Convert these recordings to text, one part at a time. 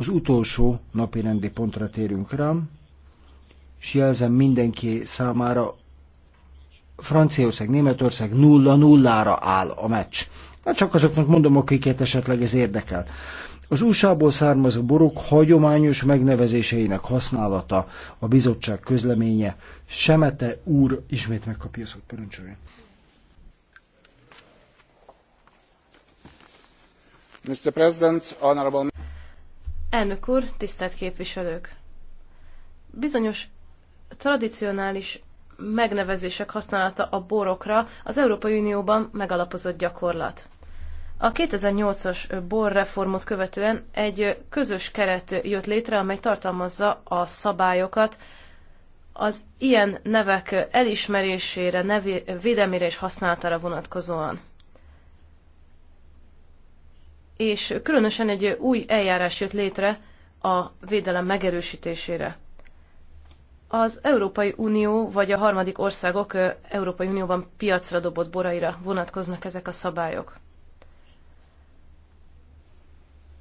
Az utolsó napi rendi pontra térünk rám, és jelzem mindenki számára, Franciaország, Németország nulla nulla-nulla-ra áll a meccs. Már hát csak azoknak mondom, akiket esetleg ez érdekel. Az USA-ból származó borok hagyományos megnevezéseinek használata, a bizottság közleménye. Semete úr ismét megkapja szót, parancsoljon. Mr. President, honorable Elnök úr, tisztelt képviselők! Bizonyos tradicionális megnevezések használata a borokra az Európai Unióban megalapozott gyakorlat. A 2008-as borreformot követően egy közös keret jött létre, amely tartalmazza a szabályokat az ilyen nevek elismerésére, nevé, védelmére és használatára vonatkozóan és különösen egy új eljárás jött létre a védelem megerősítésére. Az Európai Unió vagy a harmadik országok Európai Unióban piacra dobott boraira vonatkoznak ezek a szabályok.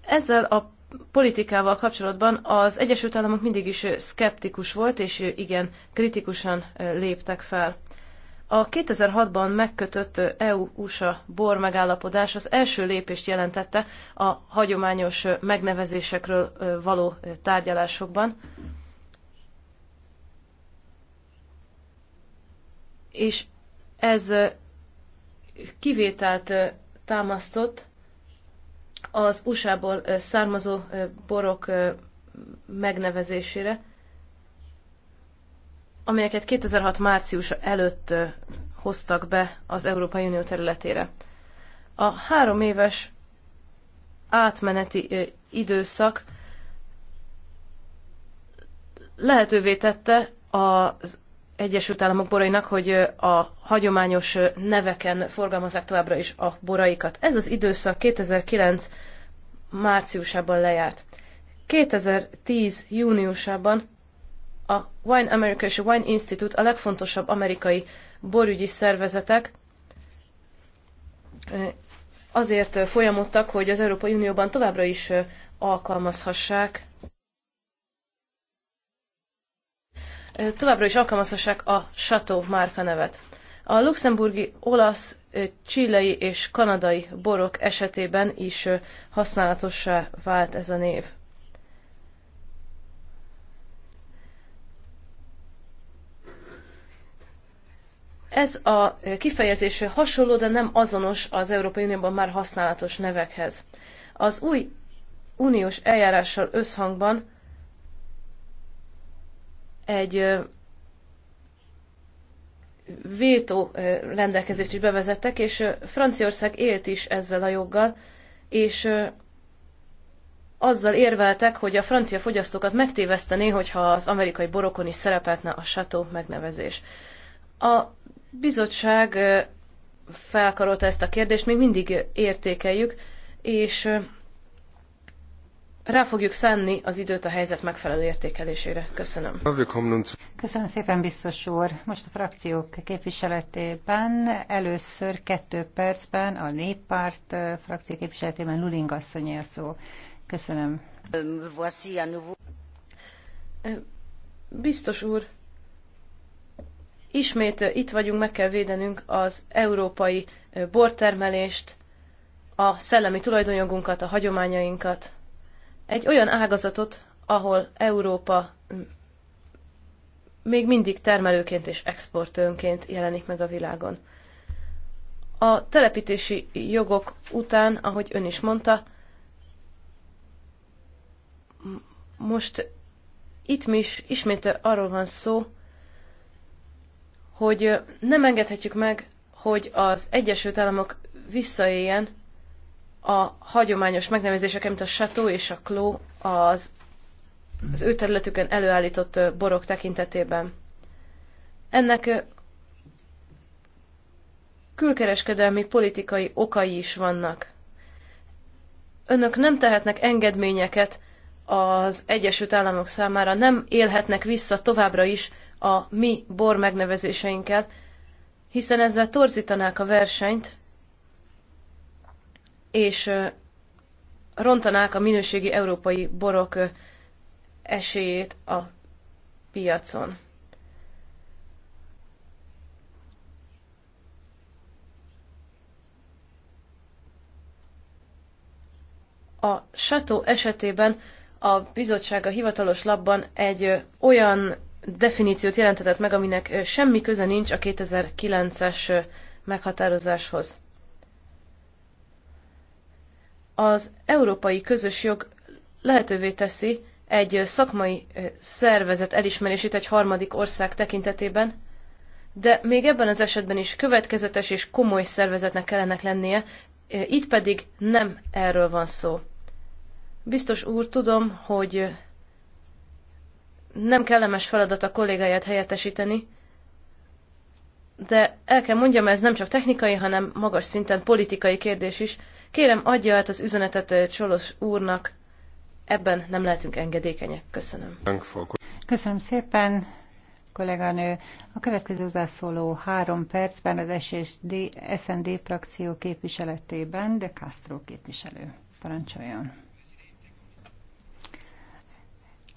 Ezzel a politikával kapcsolatban az Egyesült Államok mindig is szkeptikus volt, és igen, kritikusan léptek fel. A 2006-ban megkötött EU-USA bor megállapodás az első lépést jelentette a hagyományos megnevezésekről való tárgyalásokban. És ez kivételt támasztott az USA-ból származó borok megnevezésére, amelyeket 2006 március előtt hoztak be az Európai Unió területére. A három éves átmeneti időszak lehetővé tette az Egyesült Államok borainak, hogy a hagyományos neveken forgalmazzák továbbra is a boraikat. Ez az időszak 2009 márciusában lejárt. 2010 júniusában a Wine America és a Wine Institute a legfontosabb amerikai borügyi szervezetek, eh, azért eh, folyamodtak, hogy az Európai Unióban továbbra is eh, alkalmazhassák továbbra is alkalmazhassák a Chateau márka nevet. A luxemburgi, olasz, csilei és kanadai borok esetében is használatossá vált ez a név. Ez a kifejezés hasonló, de nem azonos az Európai Unióban már használatos nevekhez. Az új uniós eljárással összhangban egy vétó rendelkezést is bevezettek, és Franciaország élt is ezzel a joggal, és azzal érveltek, hogy a francia fogyasztókat megtévesztené, hogyha az amerikai borokon is szerepeltne a Chateau megnevezés. A bizottság felkarolta ezt a kérdést, még mindig értékeljük, és rá fogjuk szánni az időt a helyzet megfelelő értékelésére. Köszönöm. Köszönöm szépen, biztos úr. Most a frakciók képviseletében először kettő percben a néppárt frakció képviseletében Luling asszonyé a szó. Köszönöm. Biztos úr, Ismét itt vagyunk, meg kell védenünk az európai bortermelést, a szellemi tulajdonjogunkat, a hagyományainkat. Egy olyan ágazatot, ahol Európa még mindig termelőként és exportőnként jelenik meg a világon. A telepítési jogok után, ahogy ön is mondta, most itt mi is ismét arról van szó, hogy nem engedhetjük meg, hogy az Egyesült Államok visszaéljen a hagyományos megnevezések, mint a Chateau és a Clos az, az ő területükön előállított borok tekintetében. Ennek külkereskedelmi politikai okai is vannak. Önök nem tehetnek engedményeket az Egyesült Államok számára, nem élhetnek vissza továbbra is a mi bor megnevezéseinkkel, hiszen ezzel torzítanák a versenyt, és rontanák a minőségi európai borok esélyét a piacon. A Sato esetében a bizottság a hivatalos labban egy olyan definíciót jelentetett meg, aminek semmi köze nincs a 2009-es meghatározáshoz. Az európai közös jog lehetővé teszi egy szakmai szervezet elismerését egy harmadik ország tekintetében, de még ebben az esetben is következetes és komoly szervezetnek kellene lennie, itt pedig nem erről van szó. Biztos úr, tudom, hogy nem kellemes feladat a kollégáját helyettesíteni, de el kell mondjam, ez nem csak technikai, hanem magas szinten politikai kérdés is. Kérem, adja át az üzenetet eh, Csolos úrnak, ebben nem lehetünk engedékenyek. Köszönöm. Köszönöm szépen, kolléganő. A következő zászóló három percben az SSD, SND frakció képviseletében, de Castro képviselő. Parancsoljon.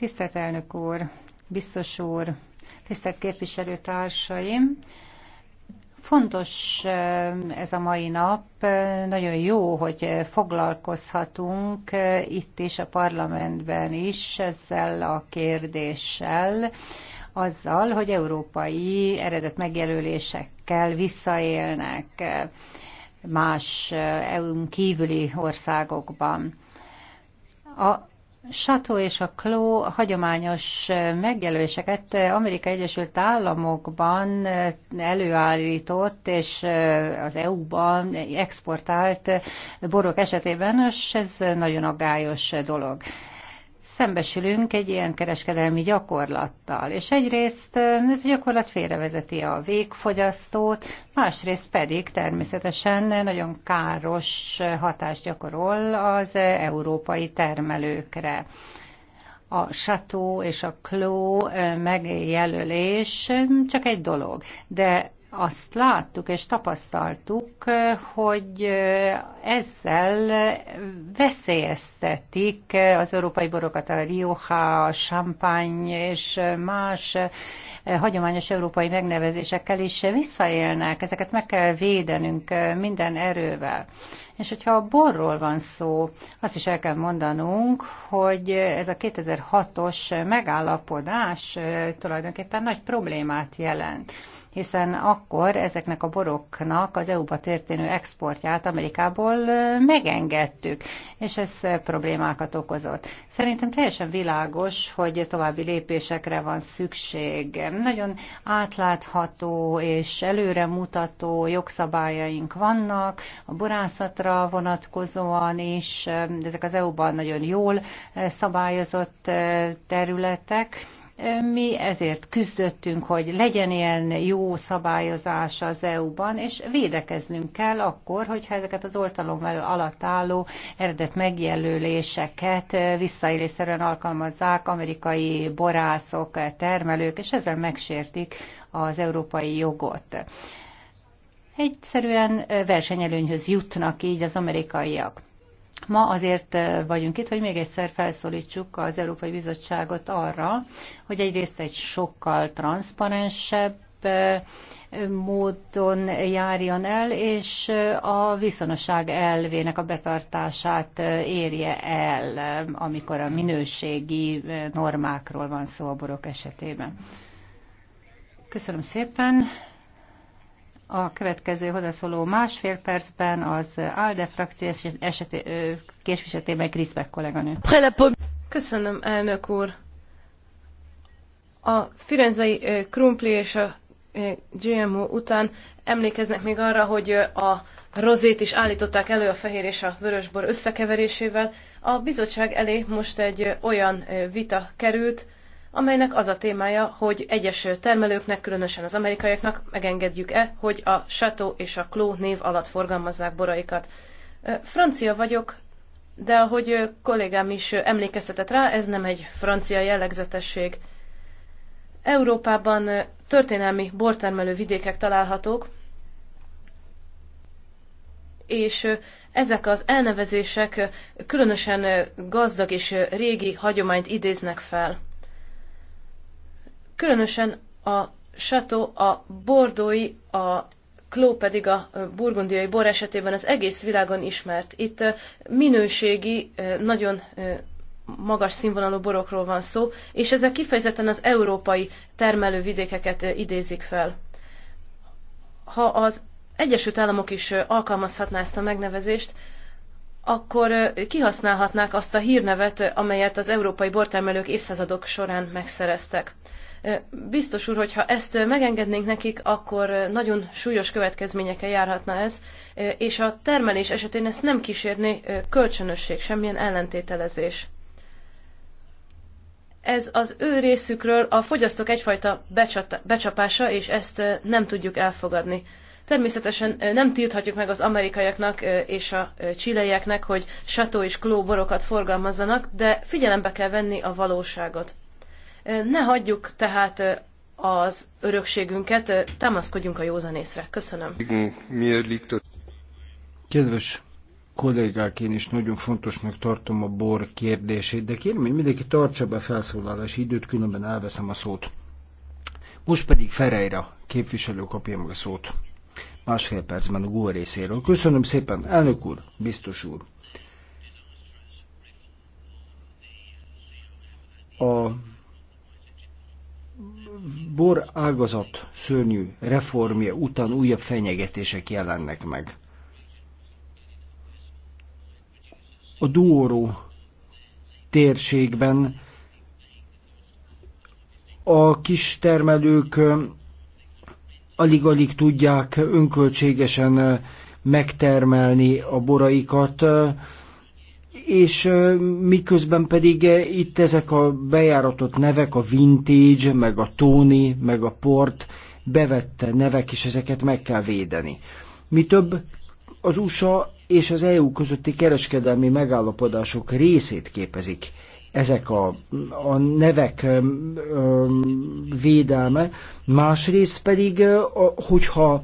Tisztelt elnök úr, biztos úr, tisztelt képviselőtársaim! Fontos eh, ez a mai nap, nagyon jó, hogy foglalkozhatunk eh, itt is a parlamentben is ezzel a kérdéssel, azzal, hogy európai eredet megjelölésekkel visszaélnek eh, más EU-n kívüli országokban. A Sato és a kló hagyományos megjelöléseket Amerika Egyesült Államokban előállított és az EU-ban exportált borok esetében, és ez nagyon aggályos dolog szembesülünk egy ilyen kereskedelmi gyakorlattal. És egyrészt ez a gyakorlat félrevezeti a végfogyasztót, másrészt pedig természetesen nagyon káros hatást gyakorol az európai termelőkre a Chateau és a kló megjelölés csak egy dolog, de azt láttuk és tapasztaltuk, hogy ezzel veszélyeztetik az európai borokat, a Rioja, a Champagne és más hagyományos európai megnevezésekkel is visszaélnek. Ezeket meg kell védenünk minden erővel. És hogyha a borról van szó, azt is el kell mondanunk, hogy ez a 2006-os megállapodás tulajdonképpen nagy problémát jelent hiszen akkor ezeknek a boroknak az EU-ba történő exportját Amerikából megengedtük, és ez problémákat okozott. Szerintem teljesen világos, hogy további lépésekre van szükség. Nagyon átlátható és előremutató jogszabályaink vannak, a borászatra vonatkozóan is, ezek az EU-ban nagyon jól szabályozott területek, mi ezért küzdöttünk, hogy legyen ilyen jó szabályozás az EU-ban, és védekeznünk kell akkor, hogyha ezeket az oltalom alatt álló eredet megjelöléseket visszaélésszerűen alkalmazzák amerikai borászok, termelők, és ezzel megsértik az európai jogot. Egyszerűen versenyelőnyhöz jutnak így az amerikaiak. Ma azért eh, vagyunk itt, hogy még egyszer felszólítsuk az Európai Bizottságot arra, hogy egyrészt egy sokkal transzparensebb eh, módon járjon el, és eh, a viszonosság elvének a betartását érje el, amikor a minőségi normákról van szó a borok esetében. Köszönöm szépen. A következő hozzászóló másfél percben az ALDE frakció eseté, képviseletében Kriszbek kolléganő. Köszönöm, elnök úr. A firenzei krumpli és a GMO után emlékeznek még arra, hogy a rozét is állították elő a fehér és a vörösbor összekeverésével. A bizottság elé most egy olyan vita került, amelynek az a témája, hogy egyes termelőknek, különösen az amerikaiaknak megengedjük-e, hogy a Chateau és a Clos név alatt forgalmazzák boraikat. Francia vagyok, de ahogy kollégám is emlékeztetett rá, ez nem egy francia jellegzetesség. Európában történelmi bortermelő vidékek találhatók, és ezek az elnevezések különösen gazdag és régi hagyományt idéznek fel. Különösen a Chateau a bordói, a Kló pedig a burgundiai bor esetében az egész világon ismert. Itt minőségi, nagyon magas színvonalú borokról van szó, és ezek kifejezetten az európai termelővidékeket idézik fel. Ha az Egyesült Államok is alkalmazhatná ezt a megnevezést, akkor kihasználhatnák azt a hírnevet, amelyet az európai bortermelők évszázadok során megszereztek. Biztos úr, hogyha ezt megengednénk nekik, akkor nagyon súlyos következményekkel járhatna ez, és a termelés esetén ezt nem kísérné kölcsönösség, semmilyen ellentételezés. Ez az ő részükről a fogyasztók egyfajta becsapása, és ezt nem tudjuk elfogadni. Természetesen nem tilthatjuk meg az amerikaiaknak és a csileieknek, hogy sató és kló borokat forgalmazzanak, de figyelembe kell venni a valóságot. Ne hagyjuk tehát az örökségünket, támaszkodjunk a józanészre. Köszönöm. Kedves kollégák, én is nagyon fontosnak tartom a bor kérdését, de kérem, hogy mindenki tartsa be felszólalási időt, különben elveszem a szót. Most pedig Ferejra képviselő kapja meg a szót. Másfél percben a GUA részéről. Köszönöm szépen, elnök úr, biztos úr. bor ágazat szörnyű reformja után újabb fenyegetések jelennek meg. A Duoro térségben a kis termelők alig-alig tudják önköltségesen megtermelni a boraikat, és miközben pedig itt ezek a bejáratott nevek, a Vintage, meg a Tony, meg a Port bevette nevek, és ezeket meg kell védeni. Mi több, az USA és az EU közötti kereskedelmi megállapodások részét képezik ezek a, a nevek ö, védelme, másrészt pedig, hogyha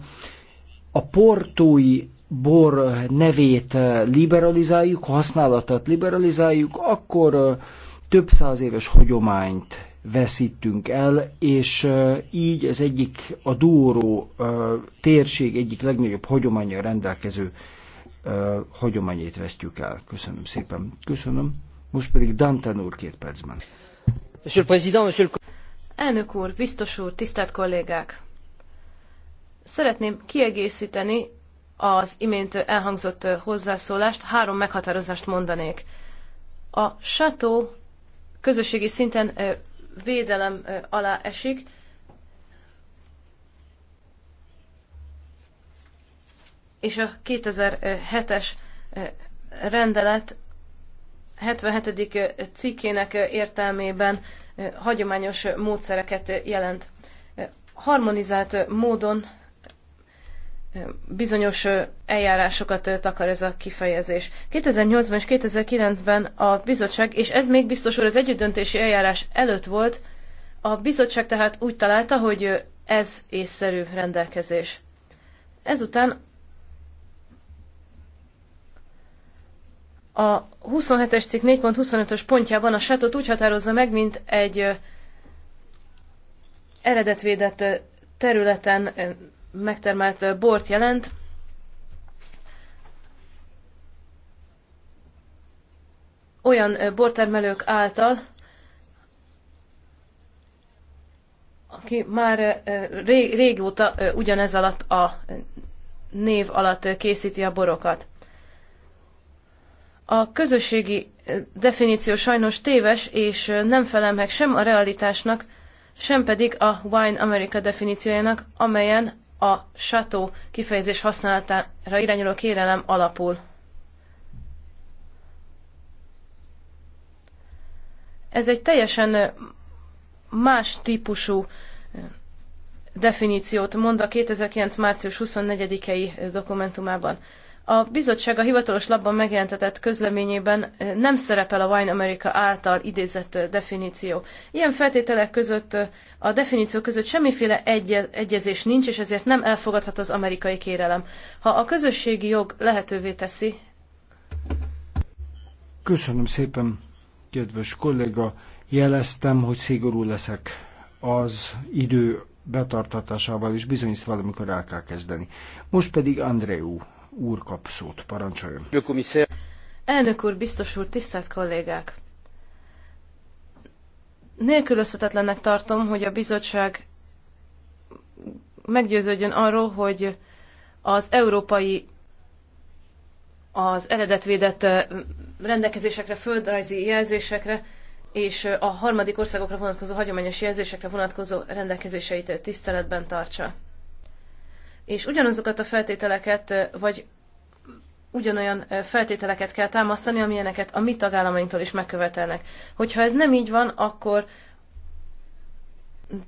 a portói bor nevét liberalizáljuk, használatát liberalizáljuk, akkor több száz éves hagyományt veszítünk el, és így az egyik, a Dóró térség egyik legnagyobb hagyománya rendelkező hagyományét vesztjük el. Köszönöm szépen. Köszönöm. Most pedig Danten úr két percben. Monsieur le Président, Monsieur le... Elnök úr, biztos úr, tisztelt kollégák! Szeretném kiegészíteni az imént elhangzott hozzászólást, három meghatározást mondanék. A sató közösségi szinten védelem alá esik, és a 2007-es rendelet 77. cikkének értelmében hagyományos módszereket jelent. Harmonizált módon bizonyos eljárásokat takar ez a kifejezés. 2008-ban és 2009-ben a bizottság, és ez még biztos úr az együttdöntési eljárás előtt volt, a bizottság tehát úgy találta, hogy ez észszerű rendelkezés. Ezután a 27-es cikk 4.25-ös pontjában a sátot úgy határozza meg, mint egy eredetvédett területen megtermelt bort jelent. Olyan bortermelők által, aki már régóta ugyanez alatt a név alatt készíti a borokat. A közösségi definíció sajnos téves, és nem felel meg sem a realitásnak, sem pedig a Wine America definíciójának, amelyen a sató kifejezés használatára irányuló kérelem alapul. Ez egy teljesen más típusú definíciót mond a 2009. március 24-i dokumentumában. A bizottság a hivatalos labban megjelentetett közleményében eh, nem szerepel a Wine America által idézett eh, definíció. Ilyen feltételek között eh, a definíció között semmiféle egyezés nincs, és ezért nem elfogadhat az amerikai kérelem. Ha a közösségi jog lehetővé teszi. Köszönöm szépen, kedves kolléga. Jeleztem, hogy szigorú leszek az idő betartatásával, és bizony valamikor el kell kezdeni. Most pedig Andreu úr kap szót. Parancsoljon. Elnök úr, biztos úr, tisztelt kollégák! Nélkülözhetetlennek tartom, hogy a bizottság meggyőződjön arról, hogy az európai az eredetvédett rendelkezésekre, földrajzi jelzésekre és a harmadik országokra vonatkozó hagyományos jelzésekre vonatkozó rendelkezéseit tiszteletben tartsa és ugyanazokat a feltételeket, vagy ugyanolyan feltételeket kell támasztani, amilyeneket a mi tagállamainktól is megkövetelnek. Hogyha ez nem így van, akkor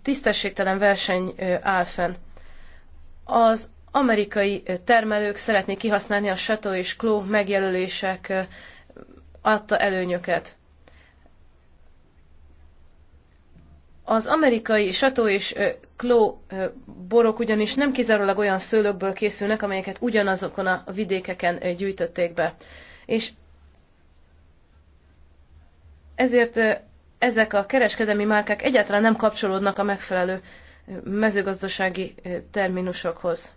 tisztességtelen verseny áll fenn. Az amerikai termelők szeretnék kihasználni a Chateau és Clos megjelölések adta előnyöket. Az amerikai sató és kló borok ugyanis nem kizárólag olyan szőlőkből készülnek, amelyeket ugyanazokon a vidékeken gyűjtötték be. És ezért ezek a kereskedelmi márkák egyáltalán nem kapcsolódnak a megfelelő mezőgazdasági terminusokhoz.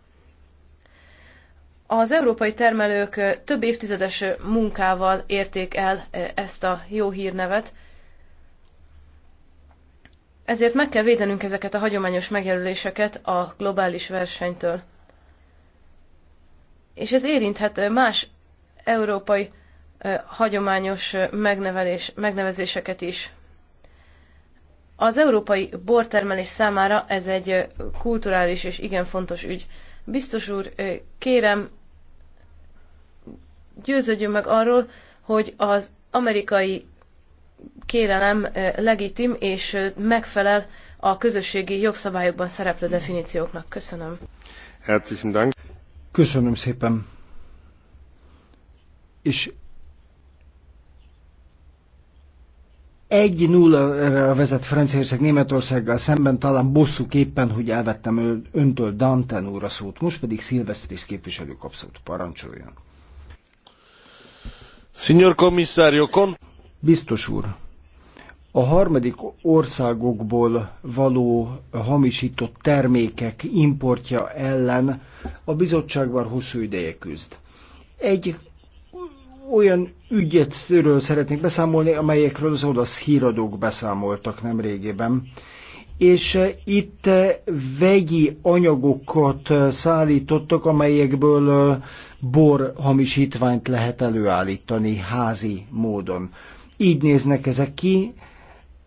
Az európai termelők több évtizedes munkával érték el ezt a jó hírnevet, ezért meg kell védenünk ezeket a hagyományos megjelöléseket a globális versenytől. És ez érinthet más európai hagyományos megnevelés, megnevezéseket is. Az európai bortermelés számára ez egy kulturális és igen fontos ügy. Biztos úr, kérem, győződjön meg arról, hogy az amerikai kérelem legitim és megfelel a közösségi jogszabályokban szereplő definícióknak. Köszönöm. Herzlichen Dank. Köszönöm szépen. És egy 0 ra vezet Franciaország Németországgal szemben, talán bosszuk éppen, hogy elvettem öntől Danten úr a szót. Most pedig Szilvesztris képviselő kap szót. Parancsoljon. Signor commissario, con... Biztos úr, a harmadik országokból való hamisított termékek importja ellen a bizottságban hosszú ideje küzd. Egy olyan ügyet szeretnék beszámolni, amelyekről az olasz híradók beszámoltak nem régében. És eh, itt eh, vegyi anyagokat eh, szállítottak, amelyekből bor hamisítványt lehet előállítani házi módon. Így néznek ezek ki,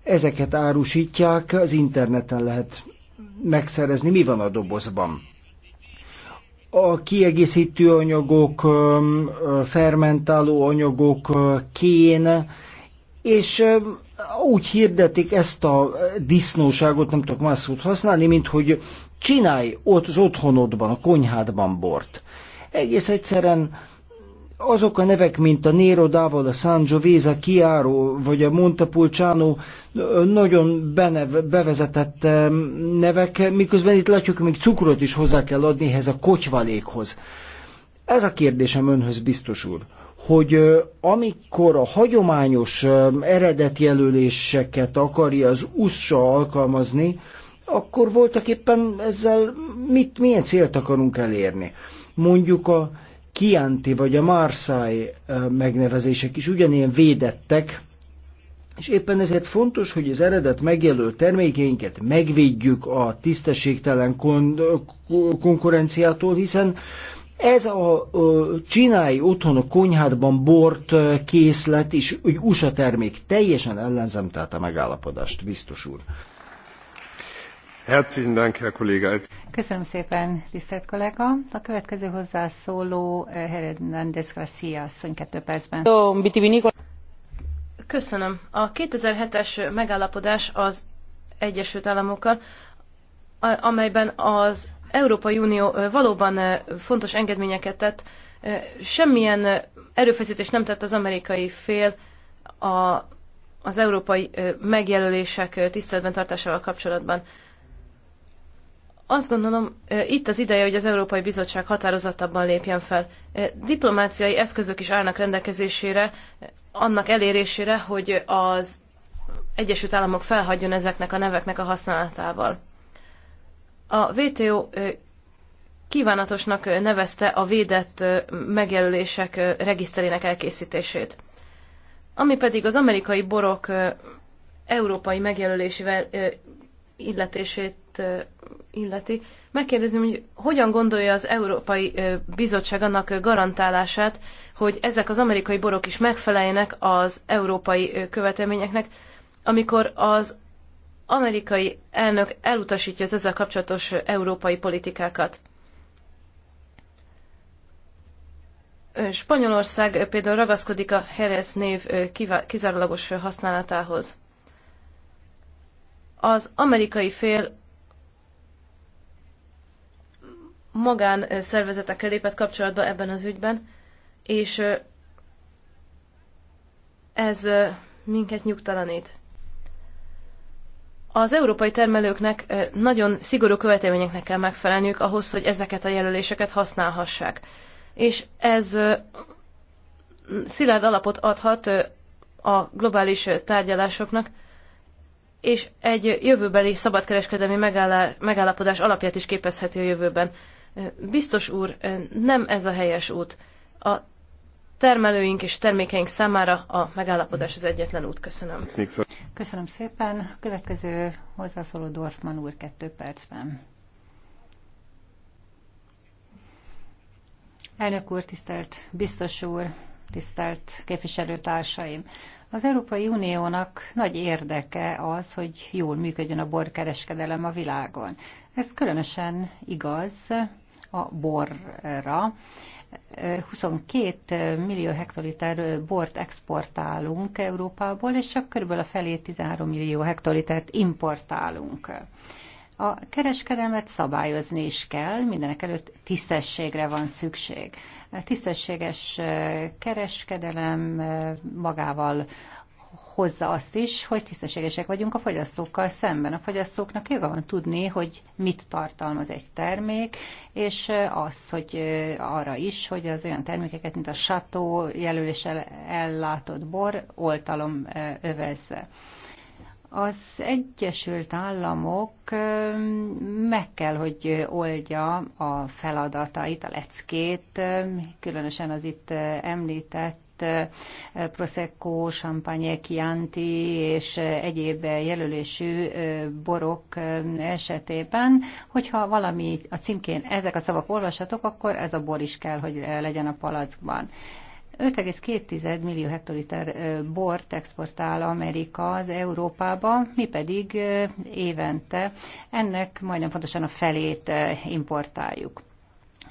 ezeket árusítják, az interneten lehet megszerezni, mi van a dobozban. A kiegészítő anyagok, fermentáló anyagok, kén, és úgy hirdetik ezt a disznóságot, nem tudok más szót használni, mint hogy csinálj ott az otthonodban, a konyhádban bort. Egész egyszerűen azok a nevek, mint a Nero Dávod, a Sangiovese, Chiaro vagy a Montepulciano nagyon benev, bevezetett nevek, miközben itt látjuk, még cukrot is hozzá kell adni ehhez a kotyvalékhoz. Ez a kérdésem önhöz biztos úr hogy amikor a hagyományos eredetjelöléseket akarja az USA alkalmazni, akkor voltak éppen ezzel mit, milyen célt akarunk elérni. Mondjuk a Kianti vagy a marsai megnevezések is ugyanilyen védettek, és éppen ezért fontos, hogy az eredet megjelölő termékeinket megvédjük a tisztességtelen kon- konkurenciától, hiszen ez a a csinálj otthon a konyhádban bort készlet és egy USA termék. Teljesen ellenzem tehát a megállapodást, biztos úr. Köszönöm szépen, tisztelt kollega. A következő hozzászóló eh, Hernández Garcia asszony kettő percben. Köszönöm. A 2007-es megállapodás az Egyesült Államokkal, amelyben az Európai Unió eh, valóban eh, fontos engedményeket tett, semmilyen erőfeszítést nem tett az amerikai fél a, az európai megjelölések tiszteletben tartásával kapcsolatban azt gondolom, itt az ideje, hogy az Európai Bizottság határozottabban lépjen fel. Diplomáciai eszközök is állnak rendelkezésére, annak elérésére, hogy az Egyesült Államok felhagyjon ezeknek a neveknek a használatával. A WTO kívánatosnak nevezte a védett megjelölések regiszterének elkészítését. Ami pedig az amerikai borok európai megjelölésével illetését illeti, megkérdezném, hogy hogyan gondolja az Európai Bizottság annak garantálását, hogy ezek az amerikai borok is megfeleljenek az európai követelményeknek, amikor az amerikai elnök elutasítja az ezzel kapcsolatos európai politikákat. Spanyolország például ragaszkodik a Heres név kizárólagos használatához. Az amerikai fél magán szervezetekkel lépett kapcsolatba ebben az ügyben, és ez minket nyugtalanít. Az európai termelőknek nagyon szigorú követelményeknek kell megfelelniük ahhoz, hogy ezeket a jelöléseket használhassák. És ez szilárd alapot adhat a globális tárgyalásoknak, és egy jövőbeli szabadkereskedelmi megállapodás alapját is képezheti a jövőben. Biztos úr, nem ez a helyes út. A termelőink és termékeink számára a megállapodás az egyetlen út. Köszönöm. Köszönöm szépen. A következő hozzászóló Dorfman úr kettő percben. Elnök úr, tisztelt biztos úr, tisztelt képviselőtársaim! Az Európai Uniónak nagy érdeke az, hogy jól működjön a borkereskedelem a világon. Ez különösen igaz, a borra. 22 millió hektoliter bort exportálunk Európából, és csak körülbelül a felé 13 millió hektolitert importálunk. A kereskedelmet szabályozni is kell, mindenek előtt tisztességre van szükség. A tisztességes kereskedelem magával hozza azt is, hogy tisztességesek vagyunk a fogyasztókkal szemben. A fogyasztóknak joga van tudni, hogy mit tartalmaz egy termék, és az, hogy arra is, hogy az olyan termékeket, mint a sató jelöléssel ellátott bor, oltalom övezze az Egyesült Államok meg kell, hogy oldja a feladatait, a leckét, különösen az itt említett itt Prosecco, Champagne, Chianti és egyéb jelölésű borok esetében, hogyha valami a címkén ezek a szavak olvashatók, akkor ez a bor is kell, hogy legyen a palackban. 5,2 millió hektoliter bort exportál Amerika az Európába, mi pedig évente ennek majdnem fontosan a felét importáljuk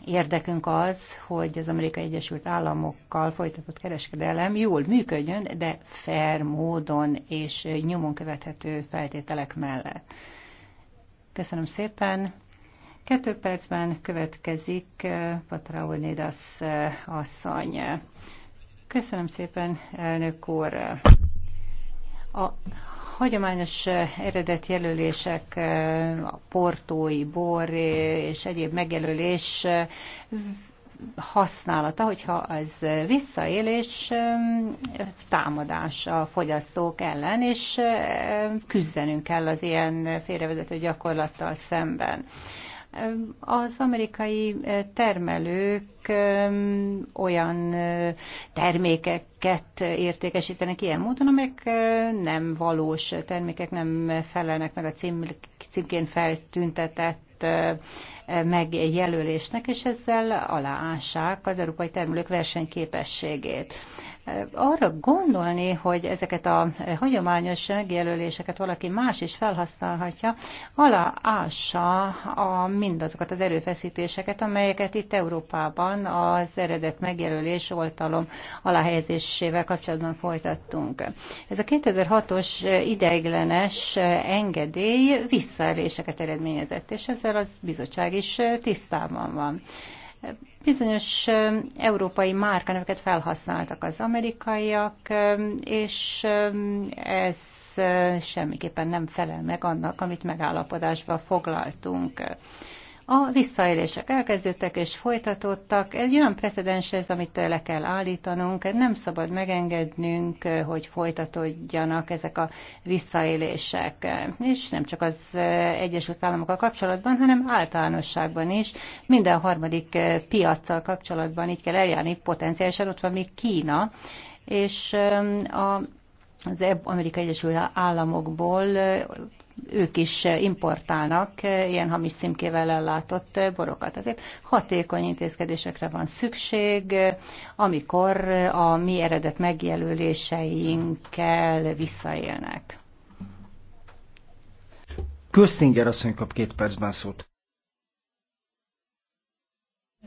érdekünk az, hogy az Amerikai Egyesült Államokkal folytatott kereskedelem jól működjön, de fair módon és nyomon követhető feltételek mellett. Köszönöm szépen. Kettő percben következik eh, Olnédas eh, asszony. Köszönöm szépen, elnök úr. A hagyományos eh, eredetjelölések, eh, a portói bor eh, és egyéb megjelölés használata, hogyha az visszaélés támadás a fogyasztók ellen, és küzdenünk kell az ilyen félrevezető gyakorlattal szemben. Az amerikai termelők olyan termékeket értékesítenek ilyen módon, amelyek nem valós termékek, nem felelnek meg a címkén feltüntetett megjelölésnek, és ezzel aláássák az európai termelők versenyképességét. Arra gondolni, hogy ezeket a hagyományos megjelöléseket valaki más is felhasználhatja, aláássa a, mindazokat az erőfeszítéseket, amelyeket itt Európában az eredet megjelölés oltalom aláhelyezésével kapcsolatban folytattunk. Ez a 2006-os ideiglenes engedély visszaeléseket eredményezett, és ezzel az bizottság is tisztában van. Bizonyos európai márkaneveket felhasználtak az amerikaiak, és ez semmiképpen nem felel meg annak, amit megállapodásba foglaltunk. A visszaélések elkezdődtek és folytatódtak. Egy olyan precedens ez, amit le kell állítanunk. Nem szabad megengednünk, hogy folytatódjanak ezek a visszaélések. És nem csak az Egyesült Államokkal kapcsolatban, hanem általánosságban is. Minden harmadik piaccal kapcsolatban így kell eljárni. Potenciálisan ott van még Kína, és um, a az Amerikai Egyesült Államokból ők is importálnak ilyen hamis címkével ellátott borokat. Ezért hatékony intézkedésekre van szükség, amikor a mi eredet megjelöléseinkkel visszaélnek. Köztinger asszony kap két percben szót.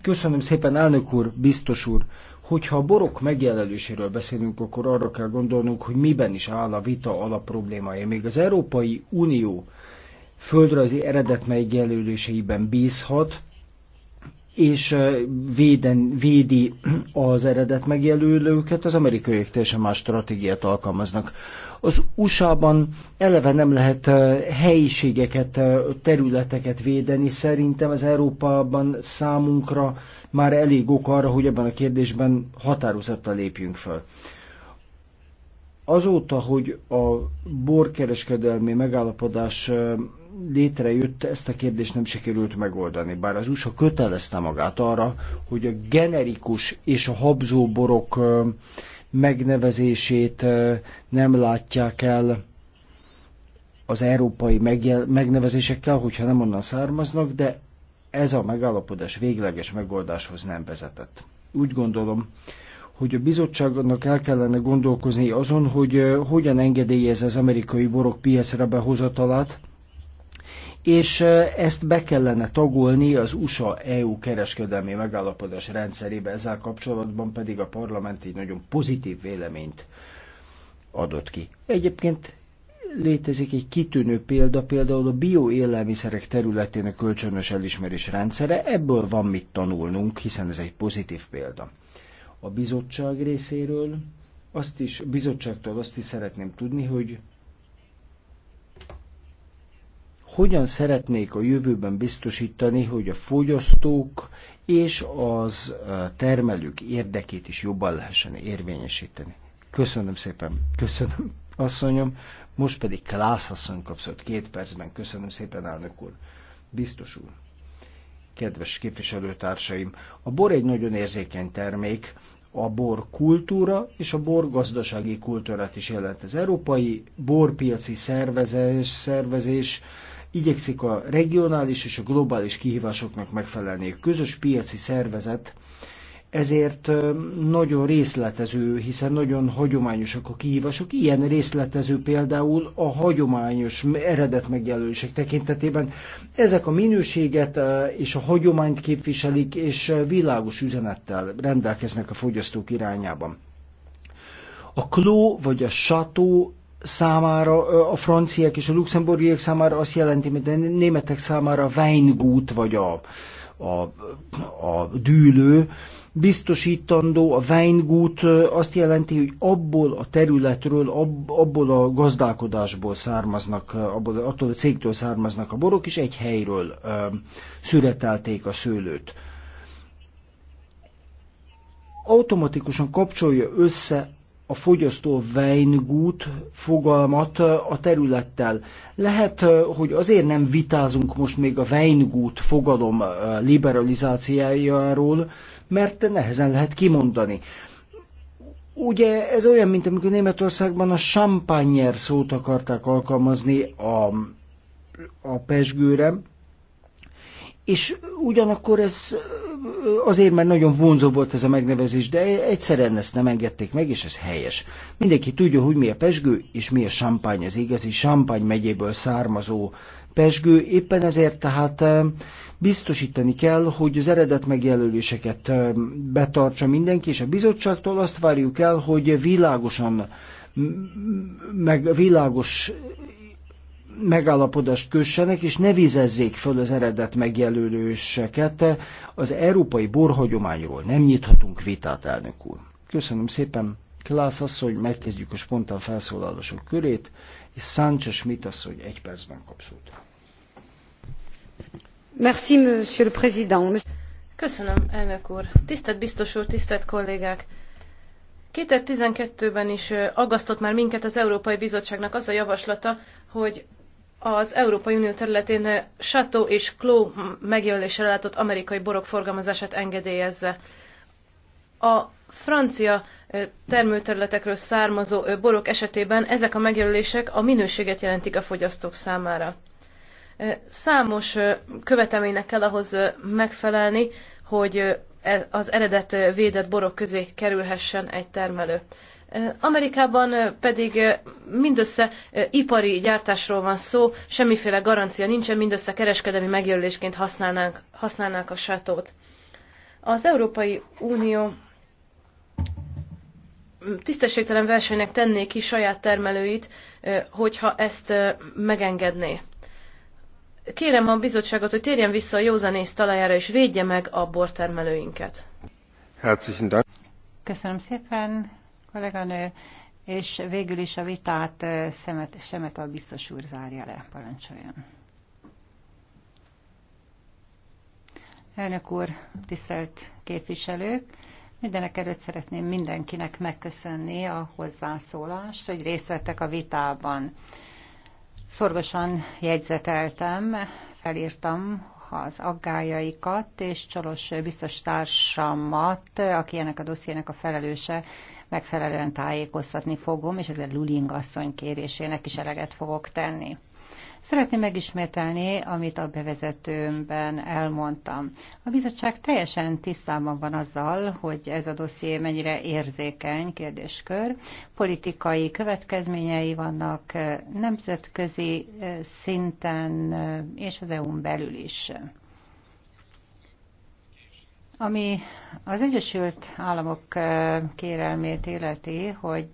Köszönöm szépen, elnök úr, biztos úr. Hogyha a borok megjelenéséről beszélünk, akkor arra kell gondolnunk, hogy miben is áll a vita alapproblémája. Még az Európai Unió földrajzi eredet megjelöléseiben bízhat, és véden, védi az eredet megjelölőket, az amerikaiak teljesen más stratégiát alkalmaznak. Az USA-ban eleve nem lehet helyiségeket, területeket védeni, szerintem az Európában számunkra már elég ok arra, hogy ebben a kérdésben határozottan lépjünk föl. Azóta, hogy a borkereskedelmi megállapodás létrejött, ezt a kérdést nem sikerült megoldani. Bár az USA kötelezte magát arra, hogy a generikus és a habzóborok megnevezését nem látják el az európai megnevezésekkel, hogyha nem onnan származnak, de ez a megállapodás végleges megoldáshoz nem vezetett. Úgy gondolom, hogy a bizottságnak el kellene gondolkozni azon, hogy hogyan engedélyez az amerikai borok piacra behozatalát, és ezt be kellene tagolni az USA-EU kereskedelmi megállapodás rendszerébe, ezzel kapcsolatban pedig a parlament egy nagyon pozitív véleményt adott ki. Egyébként létezik egy kitűnő példa, például a bioélelmiszerek területén a kölcsönös elismerés rendszere, ebből van mit tanulnunk, hiszen ez egy pozitív példa. A bizottság részéről azt is, a bizottságtól azt is szeretném tudni, hogy hogyan szeretnék a jövőben biztosítani, hogy a fogyasztók és az eh, termelők érdekét is jobban lehessen érvényesíteni. Köszönöm szépen, köszönöm asszonyom, most pedig Klász asszony kapszott két percben, köszönöm szépen elnök úr, biztos úr. Kedves képviselőtársaim, a bor egy nagyon érzékeny termék, a bor kultúra és a bor gazdasági kultúrát is jelent. Az Európai Borpiaci Szervezés, szervezés igyekszik a regionális és a globális kihívásoknak megfelelni. A közös piaci szervezet ezért nagyon részletező, hiszen nagyon hagyományosak a kihívások. Ilyen részletező például a hagyományos eredet megjelölések tekintetében. Ezek a minőséget és a hagyományt képviselik, és világos üzenettel rendelkeznek a fogyasztók irányában. A kló vagy a sató számára, a franciák és a luxemburgiek számára azt jelenti, hogy a németek számára a Weingut vagy a, a, a dűlő, biztosítandó, a Weingut azt jelenti, hogy abból a területről, abból a gazdálkodásból származnak, abból, attól a cégtől származnak a borok, és egy helyről ö, szüretelték a szőlőt. Automatikusan kapcsolja össze a fogyasztó Weingut fogalmat a területtel. Lehet, hogy azért nem vitázunk most még a Weingut fogalom liberalizációjáról, mert nehezen lehet kimondani. Ugye ez olyan, mint amikor Németországban a champagner szót akarták alkalmazni a, a pesgőre, és ugyanakkor ez azért, mert nagyon vonzó volt ez a megnevezés, de egyszerűen ezt nem engedték meg, és ez helyes. Mindenki tudja, hogy mi a pesgő, és mi a sampány, az igazi sampány megyéből származó pesgő, éppen ezért tehát eh, biztosítani kell, hogy az eredet megjelöléseket eh, betartsa mindenki, és a bizottságtól azt várjuk el, hogy világosan meg világos megállapodást kössenek, és ne vizezzék föl az eredet megjelölőseket. Az európai borhagyományról nem nyithatunk vitát, elnök úr. Köszönöm szépen, Klász asszony, megkezdjük a spontán felszólalások körét, és Sánchez Schmidt asszony egy percben kap szót. Merci, monsieur le président. Köszönöm, elnök úr. Tisztelt biztos úr, tisztelt kollégák! 2012-ben is aggasztott már minket az Európai Bizottságnak az a javaslata, hogy az Európai Unió területén Chateau és Cló megjelölésre látott amerikai borok forgalmazását engedélyezze. A francia termőterületekről származó borok esetében ezek a megjelölések a minőséget jelentik a fogyasztók számára. Számos követelménynek kell ahhoz megfelelni, hogy e, az eredet védett borok közé kerülhessen egy termelő. Amerikában pedig mindössze ipari gyártásról van szó, semmiféle garancia nincsen, mindössze kereskedelmi megjelölésként használnánk, használnák a sátót. Az Európai Unió tisztességtelen versenynek tenné ki saját termelőit, hogyha ezt megengedné. Kérem a bizottságot, hogy térjen vissza a józanész talajára, és védje meg a bortermelőinket. Köszönöm szépen kolléganő, és végül is a vitát Szemet, szemet a biztos úr zárja le, parancsoljon. Elnök úr, tisztelt képviselők! Mindenek előtt szeretném mindenkinek megköszönni a hozzászólást, hogy részt vettek a vitában. Szorgosan jegyzeteltem, felírtam, az aggájaikat, és Csolos biztos társamat, aki ennek a dossziének a felelőse, megfelelően tájékoztatni fogom, és ezzel Luling asszony kérésének is eleget fogok tenni. Szeretném megismételni, amit a bevezetőmben elmondtam. A bizottság teljesen tisztában van azzal, hogy ez a dosszié mennyire érzékeny kérdéskör. Politikai következményei vannak nemzetközi eh, szinten eh, és az EU-n belül is. Ami az Egyesült Államok eh, kérelmét életi, hogy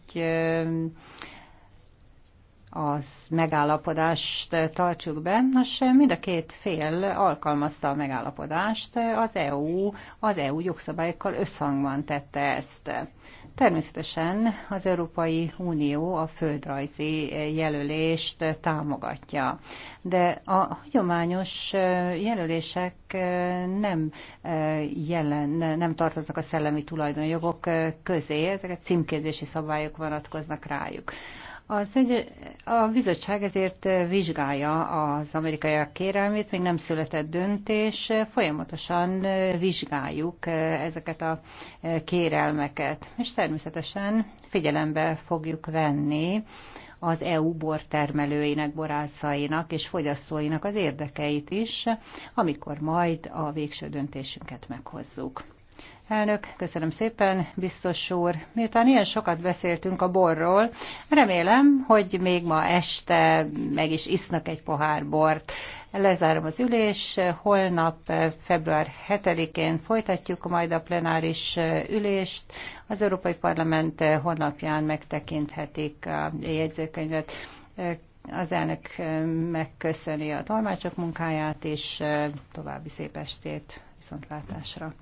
az megállapodást tartsuk be. Nos, mind a két fél alkalmazta a megállapodást, az EU, az EU jogszabályokkal összhangban tette ezt. Természetesen az Európai Unió a földrajzi jelölést támogatja, de a hagyományos jelölések nem, jelen, nem tartoznak a szellemi tulajdonjogok közé, ezeket címkézési szabályok vonatkoznak rájuk. Az egy, a bizottság ezért vizsgálja az amerikaiak kérelmét, még nem született döntés, folyamatosan vizsgáljuk ezeket a kérelmeket, és természetesen figyelembe fogjuk venni az EU bortermelőinek, borászainak és fogyasztóinak az érdekeit is, amikor majd a végső döntésünket meghozzuk. Elnök, köszönöm szépen, biztos úr. Miután ilyen sokat beszéltünk a borról, remélem, hogy még ma este meg is isznak egy pohár bort. Lezárom az ülés, holnap február 7-én folytatjuk majd a plenáris ülést. Az Európai Parlament honlapján megtekinthetik a jegyzőkönyvet. Az elnök megköszöni a tolmácsok munkáját, és további szép estét viszontlátásra.